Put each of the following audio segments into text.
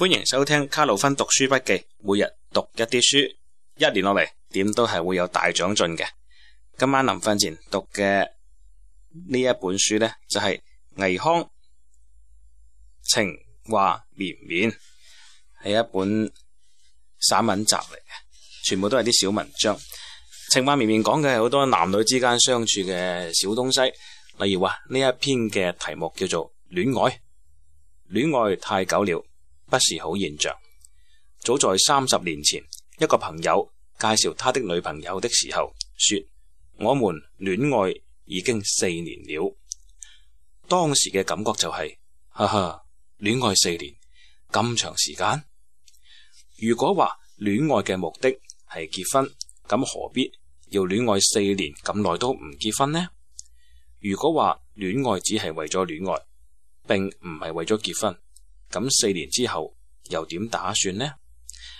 歡迎收聽卡路芬讀書筆記，每日讀一啲書，一年落嚟點都係會有大長進嘅。今晚臨瞓前讀嘅呢一本書呢，就係、是、倪匡情話綿綿，係一本散文集嚟嘅，全部都係啲小文章。情話綿綿講嘅係好多男女之間相處嘅小東西，例如話呢一篇嘅題目叫做戀愛，戀愛太久了。不是好現象。早在三十年前，一個朋友介紹他的女朋友的時候，說我們戀愛已經四年了。當時嘅感覺就係，呵呵，戀愛四年咁長時間。如果話戀愛嘅目的係結婚，咁何必要戀愛四年咁耐都唔結婚呢？如果話戀愛只係為咗戀愛，並唔係為咗結婚。咁四年之後又點打算呢？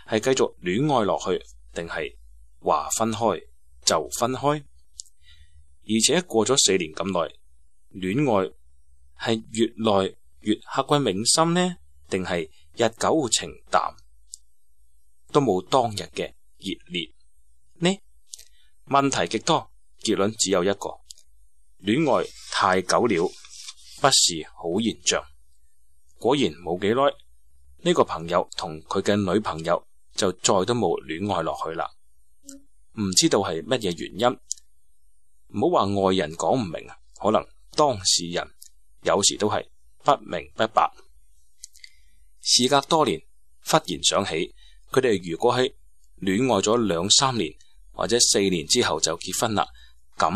係繼續戀愛落去，定係話分開就分開？而且過咗四年咁耐，戀愛係越來越刻骨銘心呢？定係日久情淡，都冇當日嘅熱烈呢？問題極多，結論只有一個：戀愛太久了，不是好現象。果然冇幾耐，呢個朋友同佢嘅女朋友就再都冇戀愛落去啦。唔知道係乜嘢原因，唔好話外人講唔明啊。可能當事人有時都係不明不白。事隔多年，忽然想起佢哋，如果喺戀愛咗兩三年或者四年之後就結婚啦，咁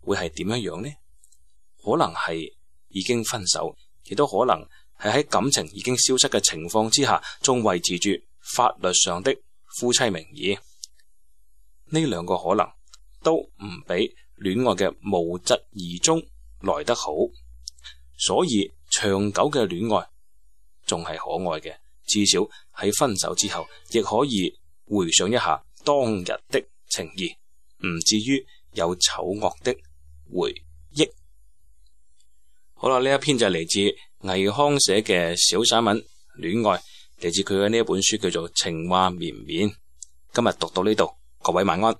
會係點樣樣呢？可能係已經分手，亦都可能，係喺感情已經消失嘅情況之下，仲維持住法律上的夫妻名義，呢兩個可能都唔比戀愛嘅無疾而終來得好，所以長久嘅戀愛仲係可愛嘅，至少喺分手之後亦可以回想一下當日的情誼，唔至於有醜惡的回憶。好啦，呢一篇就係嚟自倪匡寫嘅小散文《戀愛》，嚟自佢嘅呢一本書叫做《情話綿綿》。今日讀到呢度，各位晚安。